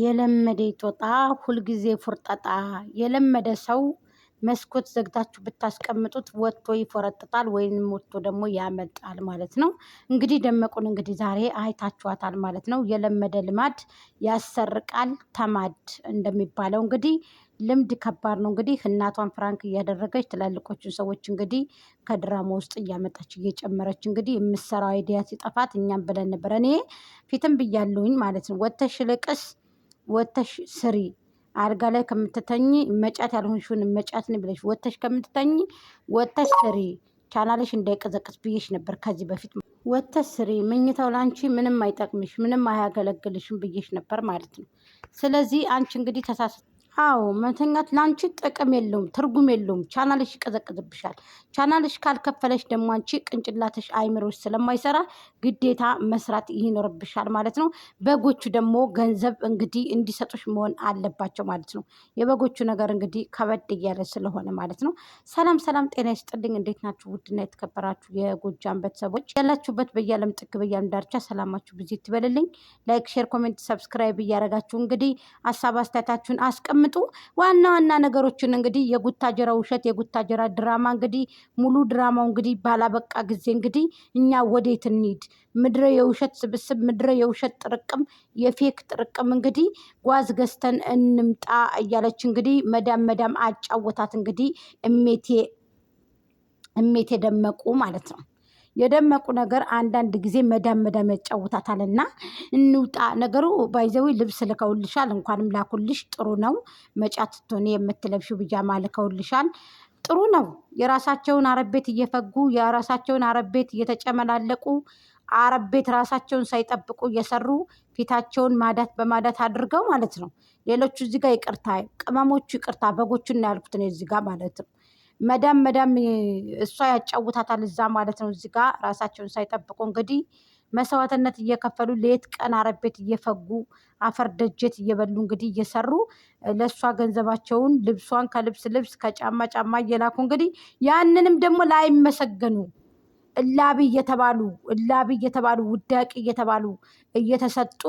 የለመደ ይጦጣ ሁልጊዜ ፉርጠጣ። የለመደ ሰው መስኮት ዘግታችሁ ብታስቀምጡት ወጥቶ ይፎረጥጣል ወይም ወጥቶ ደግሞ ያመልጣል ማለት ነው። እንግዲህ ደመቁን እንግዲህ ዛሬ አይታችኋታል ማለት ነው። የለመደ ልማድ ያሰርቃል ተማድ እንደሚባለው እንግዲህ ልምድ ከባድ ነው። እንግዲህ እናቷን ፍራንክ እያደረገች ትላልቆችን ሰዎች እንግዲህ ከድራማ ውስጥ እያመጣች እየጨመረች እንግዲህ የምሰራው አይዲያ ሲጠፋት እኛም ብለን ነበር። እኔ ፊትም ብያለሁኝ ማለት ነው። ወተሽ ልቅስ ወተሽ ስሪ አልጋ ላይ ከምትተኝ መጫት ያልሆንሽን መጫት ነው ብለሽ ወተሽ ከምትተኝ ወተሽ ስሪ። ቻናልሽ እንዳይቀዘቅዝ ብዬሽ ነበር ከዚህ በፊት ወተሽ ስሪ። ምኝታው ለአንቺ ምንም አይጠቅምሽ፣ ምንም አያገለግልሽም ብዬሽ ነበር ማለት ነው። ስለዚህ አንቺ እንግዲህ ተሳስ አዎ መተኛት ለአንቺ ጥቅም የለውም፣ ትርጉም የለውም። ቻናልሽ ይቀዘቅዝብሻል። ቻናልሽ ካልከፈለሽ ደግሞ አንቺ ቅንጭላተሽ አይምሮች ስለማይሰራ ግዴታ መስራት ይኖርብሻል ማለት ነው። በጎቹ ደግሞ ገንዘብ እንግዲህ እንዲሰጡሽ መሆን አለባቸው ማለት ነው። የበጎቹ ነገር እንግዲህ ከበድ እያለ ስለሆነ ማለት ነው። ሰላም ሰላም፣ ጤና ይስጥልኝ። እንዴት ናችሁ? ውድና የተከበራችሁ የጎጃም ቤተሰቦች ያላችሁበት በያለም ጥግ በያለም ዳርቻ ሰላማችሁ ብዙ ትበልልኝ። ላይክ፣ ሼር፣ ኮሜንት፣ ሰብስክራይብ እያደረጋችሁ እንግዲህ ሀሳብ አስተያየታችሁን አስቀም ሲያስቀምጡ ዋና ዋና ነገሮችን እንግዲህ የጉታጀራ ውሸት የጉታጀራ ድራማ እንግዲህ ሙሉ ድራማው እንግዲህ ባላበቃ ጊዜ እንግዲህ እኛ ወዴት እንሂድ? ምድረ የውሸት ስብስብ፣ ምድረ የውሸት ጥርቅም፣ የፌክ ጥርቅም እንግዲህ ጓዝ ገዝተን እንምጣ እያለች እንግዲህ መዳም መዳም አጫወታት እንግዲህ እሜቴ እሜቴ ደመቁ ማለት ነው። የደመቁ ነገር አንዳንድ ጊዜ መዳም መዳም ያጫውታታል እና እንውጣ። ነገሩ ባይዘዊ ልብስ ልከውልሻል፣ እንኳንም ላኩልሽ ጥሩ ነው። መጫት ትሆን የምትለብሹ ብጃማ ልከውልሻል፣ ጥሩ ነው። የራሳቸውን አረብ ቤት እየፈጉ የራሳቸውን አረብ ቤት እየተጨመላለቁ አረብ ቤት ራሳቸውን ሳይጠብቁ እየሰሩ ፊታቸውን ማዳት በማዳት አድርገው ማለት ነው። ሌሎቹ እዚህ ጋር ይቅርታ፣ ቅመሞቹ ይቅርታ፣ በጎቹ እናያልኩት እዚህ ጋር ማለት ነው። መዳም መዳም እሷ ያጫውታታል እዛ ማለት ነው። እዚጋ ራሳቸውን ሳይጠብቁ እንግዲህ መስዋዕትነት እየከፈሉ ሌት ቀን አረብ ቤት እየፈጉ አፈር ደጀት እየበሉ እንግዲህ እየሰሩ ለእሷ ገንዘባቸውን ልብሷን ከልብስ ልብስ ከጫማ ጫማ እየላኩ እንግዲህ ያንንም ደግሞ ላይመሰገኑ እላቢ እየተባሉ እላቢ እየተባሉ ውዳቂ እየተባሉ እየተሰጡ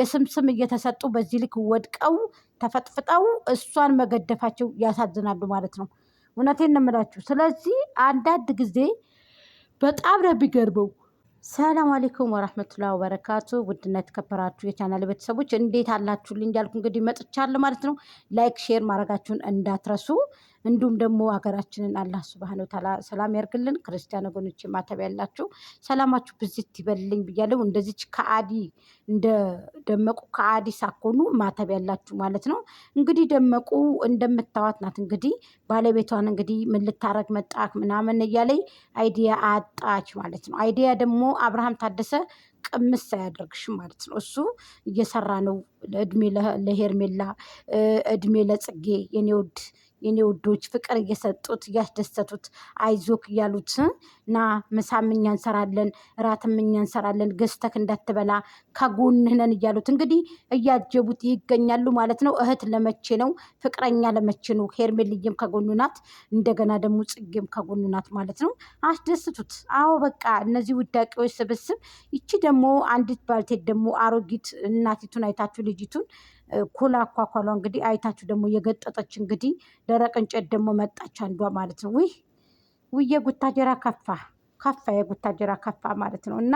የስምስም እየተሰጡ በዚህ ልክ ወድቀው ተፈጥፍጠው እሷን መገደፋቸው ያሳዝናሉ ማለት ነው። እውነቴን ነው የምላችሁ። ስለዚህ አንዳንድ ጊዜ በጣም ነው የሚገርመው። ሰላም አሌይኩም ወራህመቱላ ወበረካቱ። ውድና የተከበራችሁ የቻናል ቤተሰቦች እንዴት አላችሁልኝ? እያልኩ እንግዲህ መጥቻለሁ ማለት ነው። ላይክ ሼር ማድረጋችሁን እንዳትረሱ። እንዲሁም ደግሞ ሀገራችንን አላህ ስብሃነ ወተዓላ ሰላም ያርግልን። ክርስቲያን ወገኖች ማተብ ያላችሁ ሰላማችሁ ብዝት ይበልልኝ ብያለሁ። እንደዚች ከአዲ እንደ ደመቁ ከአዲ ሳኮኑ ማተብ ያላችሁ ማለት ነው። እንግዲህ ደመቁ እንደምታዋት ናት። እንግዲህ ባለቤቷን እንግዲህ ምን ልታረግ መጣክ ምናምን እያለይ አይዲያ አጣች ማለት ነው። አይዲያ ደግሞ አብርሃም ታደሰ ቅምስ አያደርግሽ ማለት ነው። እሱ እየሰራ ነው። እድሜ ለሄርሜላ፣ እድሜ ለጽጌ የኔ ውድ የኔ ውዶች ፍቅር እየሰጡት እያስደሰቱት አይዞክ እያሉት ና ምሳም እኛ እንሰራለን፣ እራትም እኛ እንሰራለን፣ ገዝተክ እንዳትበላ ከጎንህ ነን እያሉት እንግዲህ እያጀቡት ይገኛሉ ማለት ነው። እህት ለመቼ ነው? ፍቅረኛ ለመቼ ነው? ሄርሜልዬም ከጎኑ ናት፣ እንደገና ደግሞ ጽጌም ከጎኑ ናት ማለት ነው። አስደስቱት። አዎ በቃ እነዚህ ውዳቄዎች ስብስብ። ይቺ ደግሞ አንዲት ባልቴት ደግሞ አሮጊት እናቲቱን አይታችሁ ልጅቱን ኩላ አኳኳሏ እንግዲህ አይታችሁ ደግሞ የገጠጠች እንግዲህ ደረቅ እንጨት ደግሞ መጣች አንዷ ማለት ነው። ውይ ውይ የጉታጀራ ከፋ ከፋ የጉታጀራ ከፋ ማለት ነው እና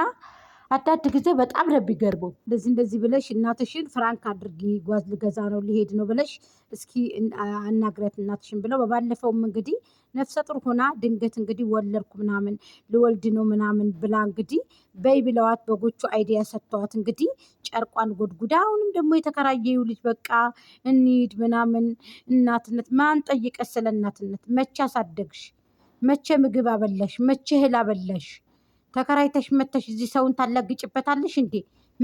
አንዳንድ ጊዜ በጣም ነው የሚገርመው። እንደዚህ እንደዚህ ብለሽ እናትሽን ፍራንክ አድርጊ፣ ጓዝ ልገዛ ነው ሊሄድ ነው ብለሽ እስኪ አናግረት እናትሽን ብለው በባለፈውም እንግዲህ ነፍሰ ጡር ሆና ድንገት እንግዲህ ወለድኩ ምናምን ልወልድ ነው ምናምን ብላ እንግዲህ በይ ብለዋት በጎቹ አይዲያ ሰጥተዋት እንግዲህ ጨርቋን ጎድጉዳ አሁንም ደግሞ የተከራየዩ ልጅ በቃ እንሂድ ምናምን እናትነት ማን ጠይቀሽ ስለ እናትነት መቼ አሳደግሽ? መቼ ምግብ አበላሽ? መቼ እህል አበላሽ? ተከራይተሽ መተሽ እዚህ ሰውን ታላግጭበታለሽ እንዴ?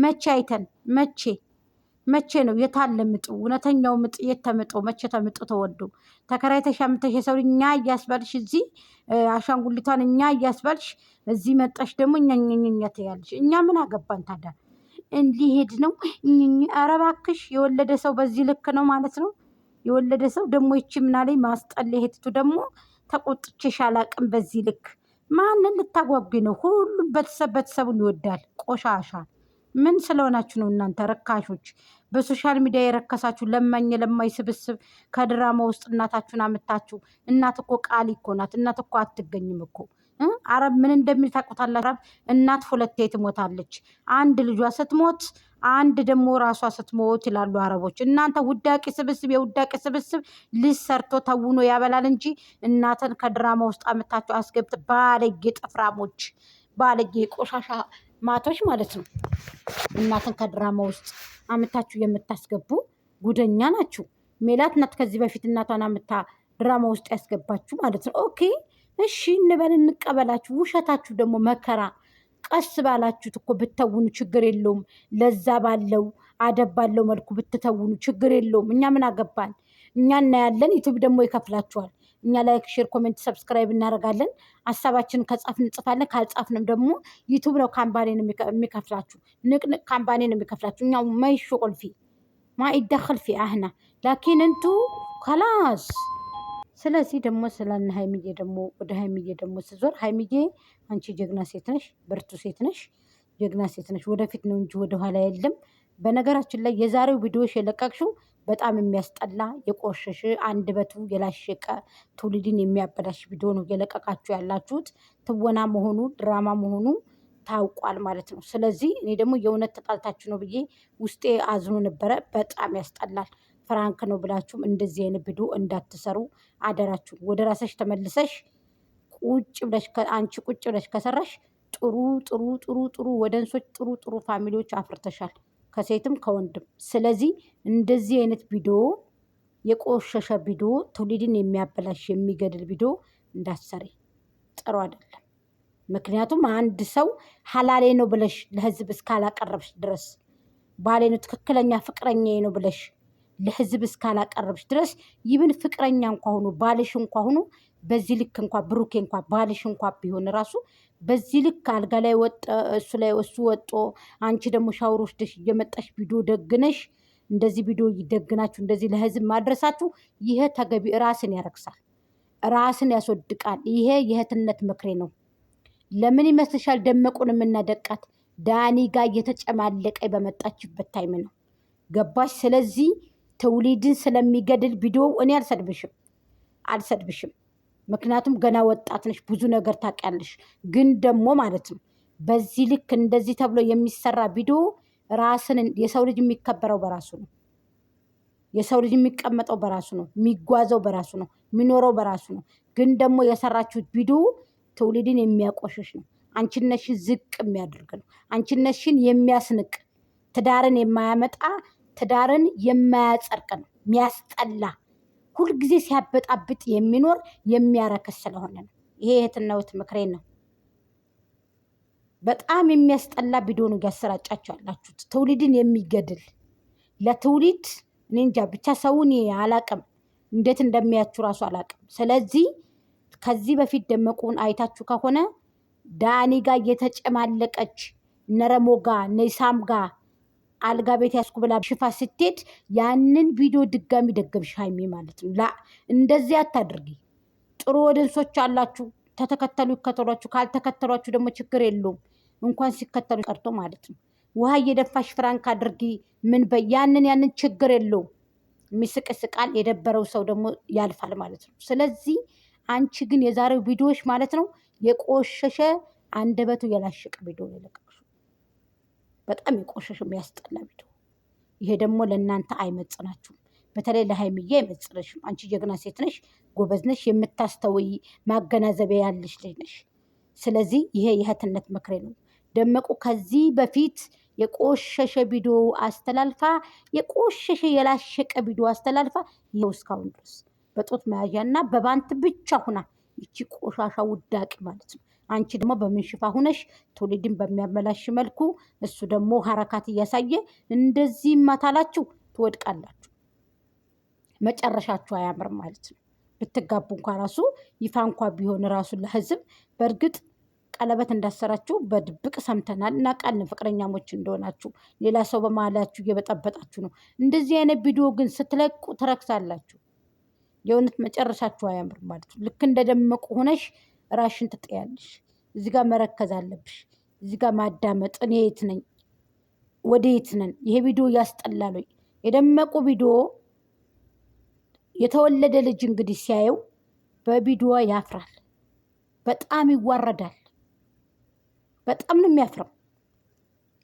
መቼ አይተን መቼ መቼ ነው የታለ ምጡ? እውነተኛው ምጥ የት ተምጦ መቼ ተምጦ ተወዶ? ተከራይተሽ አምተሽ የሰው እኛ እያስባልሽ እዚህ አሻንጉሊቷን እኛ እያስባልሽ እዚህ መጣሽ ደግሞ እኛኛኛ ትያለሽ። እኛ ምን አገባን ታዲያ? እንዲሄድ ነው። ኧረ እባክሽ የወለደ ሰው በዚህ ልክ ነው ማለት ነው። የወለደ ሰው ደግሞ ይቺ ምናለኝ ማስጠል ሄድቱ ደግሞ ተቆጥቼሽ አላቅም በዚህ ልክ ማንን ልታጓጉ ነው? ሁሉም ቤተሰብ ቤተሰቡን ይወዳል። ቆሻሻ ምን ስለሆናችሁ ነው እናንተ ርካሾች? በሶሻል ሚዲያ የረከሳችሁ ለማኝ ለማይ ስብስብ ከድራማ ውስጥ እናታችሁን አምታችሁ። እናት እኮ ቃል እኮ ናት። እናት እኮ አትገኝም እኮ አረብ ምን እንደሚል አረብ እናት ሁለቴ ትሞታለች። አንድ ልጇ ስትሞት አንድ ደግሞ ራሷ ስትሞት ይላሉ አረቦች። እናንተ ውዳቂ ስብስብ የውዳቂ ስብስብ ልጅ ሰርቶ ተውኖ ያበላል እንጂ እናትን ከድራማ ውስጥ አመታቸው አስገብት ባለጌ ጥፍራሞች፣ ባለጌ ቆሻሻ ማቶች ማለት ነው። እናትን ከድራማ ውስጥ አምታችሁ የምታስገቡ ጉደኛ ናችሁ። ሜላት ናት ከዚህ በፊት እናቷን አምታ ድራማ ውስጥ ያስገባችሁ ማለት ነው። ኦኬ እሺ እንበል እንቀበላችሁ። ውሸታችሁ ደግሞ መከራ ቀስ ባላችሁት እኮ ብተውኑ ችግር የለውም። ለዛ ባለው አደብ ባለው መልኩ ብትተውኑ ችግር የለውም። እኛ ምን አገባን? እኛ እናያለን። ዩቱብ ደግሞ ይከፍላችኋል። እኛ ላይክ፣ ሼር፣ ኮሜንት፣ ሰብስክራይብ እናደርጋለን። ሀሳባችንን ከጻፍን እንጽፋለን። ካልጻፍንም ደግሞ ዩቱብ ነው ካምፓኒ የሚከፍላችሁ። ንቅንቅ ካምፓኒ ነው የሚከፍላችሁ። እኛ ማይሹ ቁልፊ ፊ አህና ላኪን እንቱ ከላስ ስለዚህ ደግሞ ስለነ ሀይሚዬ ደግሞ ወደ ሀይሚዬ ደግሞ ስዞር ሀይሚዬ አንቺ ጀግና ሴት ነሽ፣ ብርቱ ሴት ነሽ፣ ጀግና ሴት ነሽ። ወደፊት ነው እንጂ ወደኋላ የለም። በነገራችን ላይ የዛሬው ቪዲዮሽ የለቀቅሽው በጣም የሚያስጠላ የቆሸሽ አንደበቱ የላሸቀ ትውልድን የሚያበላሽ ቪዲዮ ነው የለቀቃችሁ ያላችሁት። ትወና መሆኑ ድራማ መሆኑ ታውቋል ማለት ነው። ስለዚህ እኔ ደግሞ የእውነት ተጣልታችሁ ነው ብዬ ውስጤ አዝኖ ነበረ። በጣም ያስጠላል። ፍራንክ ነው ብላችሁም እንደዚህ አይነት ቪዲዮ እንዳትሰሩ አደራችሁ። ወደ ራሰሽ ተመልሰሽ ቁጭ ብለሽ አንቺ ቁጭ ብለሽ ከሰራሽ ጥሩ ጥሩ ጥሩ ጥሩ ወደንሶች ጥሩ ጥሩ ፋሚሊዎች አፍርተሻል ከሴትም ከወንድም። ስለዚህ እንደዚህ አይነት ቪዲዮ የቆሸሸ ቪዲዮ ትውልድን የሚያበላሽ የሚገድል ቪዲዮ እንዳትሰሪ፣ ጥሩ አይደለም። ምክንያቱም አንድ ሰው ሀላሌ ነው ብለሽ ለህዝብ እስካላቀረብሽ ድረስ ባሌ ነው ትክክለኛ ፍቅረኛ ነው ብለሽ ለህዝብ እስካላቀረብሽ ድረስ ይብን ፍቅረኛ እንኳ ሁኑ ባልሽ እንኳ ሁኑ በዚህ ልክ እንኳ ብሩኬ እንኳ ባልሽ እንኳ ቢሆን ራሱ በዚህ ልክ አልጋ ላይ ወጠ እሱ ላይ እሱ ወጦ አንቺ ደግሞ ሻወር ወስደሽ እየመጣሽ ቪዲዮ ደግነሽ እንደዚህ ቪዲዮ ይደግናችሁ እንደዚህ ለህዝብ ማድረሳችሁ ይሄ ተገቢ ራስን ያረግሳል፣ ራስን ያስወድቃል። ይሄ የእህትነት ምክሬ ነው። ለምን ይመስልሻል ደመቁን የምናደቃት ዳኒ ጋር እየተጨማለቀ በመጣችበት ታይም ነው ገባሽ? ስለዚህ ትውልድን ስለሚገድል ቪዲዮ እኔ አልሰድብሽም አልሰድብሽም። ምክንያቱም ገና ወጣት ነሽ፣ ብዙ ነገር ታውቂያለሽ። ግን ደግሞ ማለት ነው በዚህ ልክ እንደዚህ ተብሎ የሚሰራ ቪዲዮ ራስን የሰው ልጅ የሚከበረው በራሱ ነው። የሰው ልጅ የሚቀመጠው በራሱ ነው። የሚጓዘው በራሱ ነው። የሚኖረው በራሱ ነው። ግን ደግሞ የሰራችሁት ቪዲዮ ትውልድን የሚያቆሽሽ ነው። አንቺነሽን ዝቅ የሚያደርግ ነው። አንቺነሽን የሚያስንቅ ትዳርን የማያመጣ ትዳርን የማያጸድቅ ነው፣ የሚያስጠላ ሁልጊዜ ሲያበጣብጥ የሚኖር የሚያረክስ ስለሆነ ነው። ይሄ እህትና ምክሬን ነው። በጣም የሚያስጠላ ቪዲዮ ነው እያሰራጫችሁ ያላችሁት፣ ትውልድን የሚገድል ለትውልድ እኔ እንጃ ብቻ ሰውን አላቅም፣ እንዴት እንደሚያችሁ ራሱ አላቅም። ስለዚህ ከዚህ በፊት ደመቁን አይታችሁ ከሆነ ዳኒ ጋር እየተጨማለቀች ነረሞ ጋ እነ ጋ አልጋ ቤት ያስኩ ብላ ሽፋ ስትሄድ ያንን ቪዲዮ ድጋሚ ደገምሽ ሀይሚ ማለት ነው። ላ እንደዚህ አታድርጊ። ጥሩ ወደንሶች አላችሁ፣ ተተከተሉ፣ ይከተሏችሁ። ካልተከተሏችሁ ደግሞ ችግር የለውም እንኳን ሲከተሉ ቀርቶ ማለት ነው። ውሃ እየደፋሽ ፍራንክ አድርጊ። ምን በይ ያንን ያንን ችግር የለውም። የሚስቅ ስቃል፣ የደበረው ሰው ደግሞ ያልፋል ማለት ነው። ስለዚህ አንቺ ግን የዛሬው ቪዲዮዎች ማለት ነው የቆሸሸ አንደበቱ የላሸቀ ቪዲዮ ይልቅ በጣም የቆሸሽ የሚያስጠላ ቤቱ። ይሄ ደግሞ ለእናንተ አይመጽናችሁም። በተለይ ለሀይምዬ አይመጽነሽም። አንቺ ጀግና ሴት ነሽ፣ ጎበዝ ነሽ፣ የምታስተውይ ማገናዘቢያ ያለሽ ልጅ ነሽ። ስለዚህ ይሄ የእህትነት ምክሬ ነው። ደመቁ ከዚህ በፊት የቆሸሸ ቪዲዮ አስተላልፋ የቆሸሸ የላሸቀ ቪዲዮ አስተላልፋ ይኸው እስካሁን ድረስ በጦት መያዣ እና በባንት ብቻ ሁና ይቺ ቆሻሻ ውዳቂ ማለት ነው። አንቺ ደግሞ በምንሽፋ ሁነሽ ትውልድን በሚያመላሽ መልኩ እሱ ደግሞ ሀረካት እያሳየ እንደዚህ ማታላችሁ ትወድቃላችሁ። መጨረሻችሁ አያምር ማለት ነው። ብትጋቡ እንኳ ራሱ ይፋ እንኳ ቢሆን ራሱ ለህዝብ በእርግጥ ቀለበት እንዳሰራችሁ በድብቅ ሰምተናል እና ፍቅረኛሞች እንደሆናችሁ ሌላ ሰው በማላችሁ እየበጠበጣችሁ ነው። እንደዚህ አይነት ቪዲዮ ግን ስትለቁ ትረክሳላችሁ። የእውነት መጨረሻችሁ አያምር ማለት ነው። ልክ እንደደመቁ ሆነሽ ራሽን ትጠያለሽ። እዚህ ጋር መረከዝ አለብሽ። እዚህ ጋር ማዳመጥ። እኔ የት ነኝ? ወደ የት ነን? ይሄ ቪዲዮ ያስጠላል የደመቁ ቪዲዮ የተወለደ ልጅ እንግዲህ ሲያየው በቪዲዮ ያፍራል። በጣም ይዋረዳል። በጣም ነው የሚያፍረው።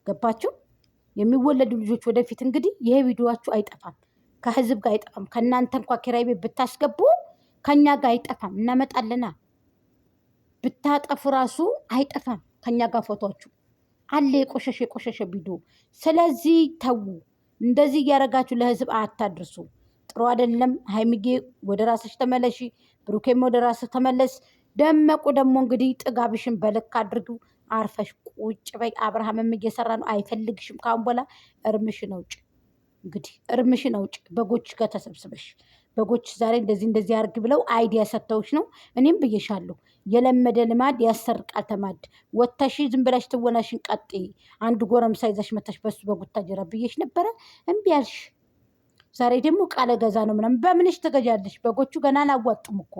ገባችሁ? የሚወለዱ ልጆች ወደፊት እንግዲህ ይሄ ቪዲዮችሁ አይጠፋም፣ ከህዝብ ጋር አይጠፋም። ከእናንተ እንኳ ኪራይ ቤት ብታስገቡ ከእኛ ጋር አይጠፋም። እናመጣለና ብታጠፉ ራሱ አይጠፋም ከኛ ጋር ፎቶችሁ አለ የቆሸሸ የቆሸሸ ቪዲዮ። ስለዚህ ተዉ፣ እንደዚህ እያደረጋችሁ ለህዝብ አታድርሱ። ጥሩ አይደለም። ሀይሚጌ ወደ ራስሽ ተመለሺ፣ ብሩኬም ወደ ራስሽ ተመለስ። ደመቁ ደግሞ እንግዲህ ጥጋብሽን በልክ አድርጊው። አርፈሽ ቁጭ በይ። አብርሃምም እየሰራ ነው፣ አይፈልግሽም። ካሁን በኋላ እርምሽን አውጪ፣ እንግዲህ እርምሽን አውጪ። በጎች ጋር ተሰብስበሽ በጎች ዛሬ እንደዚህ እንደዚህ አርግ ብለው አይዲያ ሰጥተውች ነው። እኔም ብዬሻለሁ የለመደ ልማድ ያሰርቃል ተማድ። ወተሽ ዝም ብላሽ ትወናሽን ቀጥይ። አንድ ጎረምሳ ይዛሽ መታሽ በሱ በጉታ ጀራ ብዬሽ ነበረ፣ እምቢ አልሽ። ዛሬ ደግሞ ቃለ ገዛ ነው ምናምን። በምንሽ ትገዣለሽ? በጎቹ ገና አላዋጡም እኮ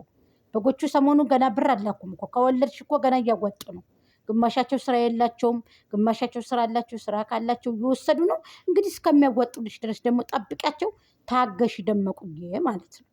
በጎቹ ሰሞኑ ገና ብር አላኩም እኮ። ከወለድሽ እኮ ገና እያዋጡ ነው። ግማሻቸው ስራ የላቸውም፣ ግማሻቸው ስራ አላቸው። ስራ ካላቸው እየወሰዱ ነው። እንግዲህ እስከሚያዋጡልሽ ድረስ ደግሞ ጠብቂያቸው። ታገሽ ደመቁዬ ማለት ነው።